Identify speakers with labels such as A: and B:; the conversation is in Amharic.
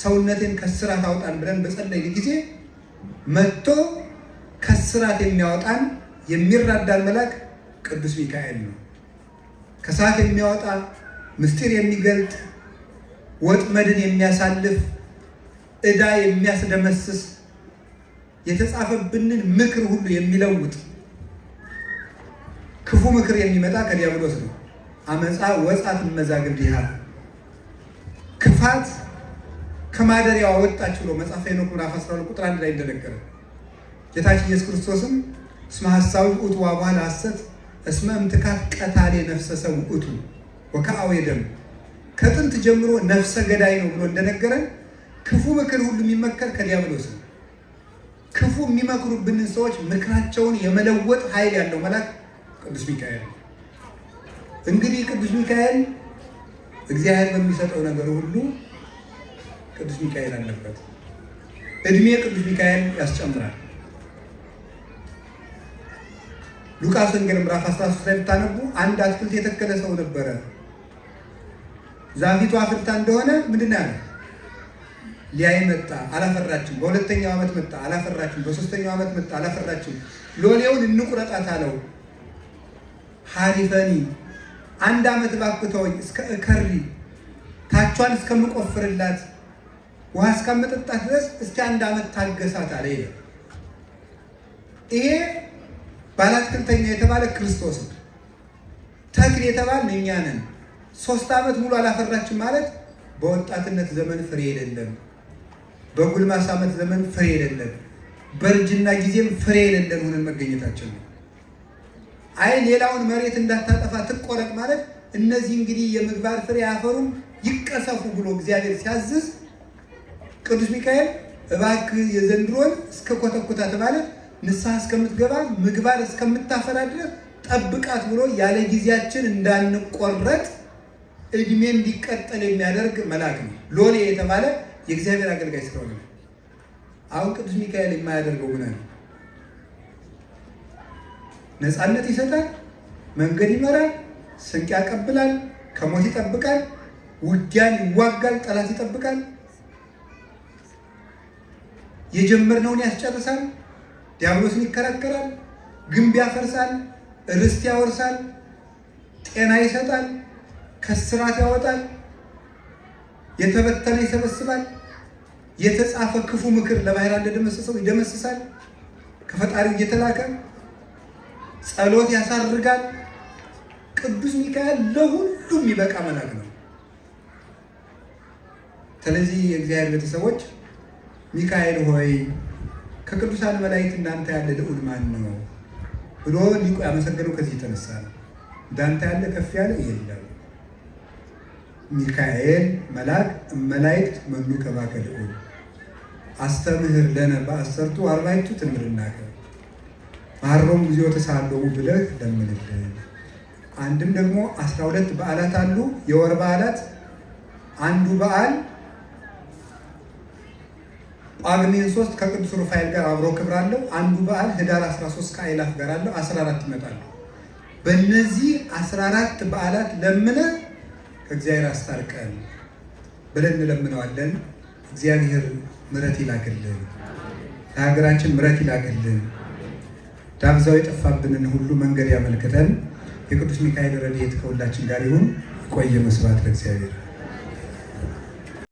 A: ሰውነቴን ከስራት አውጣን ብለን በጸለይ ጊዜ መጥቶ ከስራት የሚያወጣን የሚራዳን መልአክ ቅዱስ ሚካኤል ነው። ከሰዓት የሚያወጣ ምስጢር የሚገልጥ ወጥመድን የሚያሳልፍ እዳ የሚያስደመስስ የተጻፈብንን ምክር ሁሉ የሚለውጥ ክፉ ምክር የሚመጣ ከዲያብሎስ ነው። አመፃ ወጻት መዛግብ ይሃል ክፋት ከማደሪያው አወጣችሁ ነው መጽሐፈ ሄኖክ ምዕራፍ 12 ቁጥር 1 ላይ እንደነገረ ጌታችን ኢየሱስ ክርስቶስም እስመ ሐሳዊ ውእቱ ወአቡኃ ሐሰት እስመ እምትካት ቀታሌ ነፍሰ ሰው ውእቱ ወከአዌ ደም ከጥንት ጀምሮ ነፍሰ ገዳይ ነው ብሎ እንደነገረን ክፉ ምክር ሁሉ የሚመከር ከዲያብሎስ ነው። ክፉ የሚመክሩብን ሰዎች ምክራቸውን የመለወጥ ኃይል ያለው መልአክ ቅዱስ ሚካኤል ነው። እንግዲህ ቅዱስ ሚካኤል እግዚአብሔር በሚሰጠው ነገር ሁሉ ቅዱስ ሚካኤል አለበት። እድሜ ቅዱስ ሚካኤል ያስጨምራል። ሉቃስ ወንጌል ምዕራፍ 13 ላይ ብታነቡ አንድ አትክልት የተከለ ሰው ነበረ። ዛፊቱ አፍርታ እንደሆነ ምንድን ያለ ሊያይ መጣ፣ አላፈራችም። በሁለተኛው ዓመት መጣ፣ አላፈራችም። በሶስተኛው ዓመት መጣ፣ አላፈራችም። ሎሌውን እንቁረጣት አለው። ሀሪፈኒ አንድ ዓመት ባክተወኝ እስከ እከሪ ታቿን እስከምቆፍርላት ውሃ እስካመጠጣት ድረስ እስከ አንድ ዓመት ታገሳት አለ ይላል። ይሄ ባለአትክልተኛ የተባለ ክርስቶስ ነው። ተክል የተባለ እኛ ነን። ሶስት ዓመት ሙሉ አላፈራችም ማለት በወጣትነት ዘመን ፍሬ የሌለም፣ ዓመት ዘመን ፍሬ የሌለም፣ በእርጅና ጊዜም ፍሬ የሌለም ሆነን መገኘታችን ነው። አይ ሌላውን መሬት እንዳታጠፋ ትቆረጥ ማለት እነዚህ እንግዲህ የምግባር ፍሬ አፈሩም ይቀሰፉ ብሎ እግዚአብሔር ሲያዝዝ ቅዱስ ሚካኤል እባክህ የዘንድሮን እስከ ኮተኮታት ማለት ንስሐ እስከምትገባ ምግባር እስከምታፈራ ድረስ ጠብቃት ብሎ ያለ ጊዜያችን እንዳንቆረጥ እድሜ እንዲቀጠል የሚያደርግ መልአክ ነው። ሎሌ የተባለ የእግዚአብሔር አገልጋይ ስለሆነ አሁን ቅዱስ ሚካኤል የማያደርገው ምነ ነው? ነፃነት ይሰጣል፣ መንገድ ይመራል፣ ስንቅ ያቀብላል፣ ከሞት ይጠብቃል፣ ውጊያን ይዋጋል፣ ጠላት ይጠብቃል። የጀመርነውን ያስጨርሳል፣ ዲያብሎስን ይከራከራል፣ ግንብ ያፈርሳል፣ ርስት ያወርሳል፣ ጤና ይሰጣል፣ ከስራት ያወጣል፣ የተበተነ ይሰበስባል፣ የተጻፈ ክፉ ምክር ለባሕር እንደደመሰሰው ይደመስሳል። ከፈጣሪ እየተላከ ጸሎት ያሳርጋል። ቅዱስ ሚካኤል ለሁሉም የሚበቃ መልአክ ነው። ስለዚህ የእግዚአብሔር ቤተሰቦች ሚካኤል ሆይ ከቅዱሳን መላእክት እንዳንተ ያለ ልዑል ማን ነው ብሎ ሊቁ ያመሰገነው ከዚህ የተነሳ ነው። እንዳንተ ያለ ከፍ ያለ የለም። ሚካኤል መልአክ መላእክት መኑ ከባከ ልዑል አስተምህር ለነ በአሰርቱ አርባዕቱ ትምህርናከ ማሮም ጊዜው ተሳለው ብለህ ለምንልን። አንድም ደግሞ አስራ ሁለት በዓላት አሉ የወር በዓላት አንዱ በዓል ጳጉሜ ሶስት ከቅዱስ ሩፋኤል ጋር አብሮ ክብር አለው። አንዱ በዓል ህዳር 13 ከአይላፍ ጋር አለው። 14 ይመጣሉ። በእነዚህ 14 በዓላት ለምነ ከእግዚአብሔር አስታርቀን ብለን እንለምነዋለን። እግዚአብሔር ምረት ይላክልን፣ ለሀገራችን ምረት ይላክልን፣ ዳብዛው የጠፋብንን ሁሉ መንገድ ያመልክተን። የቅዱስ ሚካኤል ረድኤት ከሁላችን ጋር ይሁን። ቆየ መስራት ለእግዚአብሔር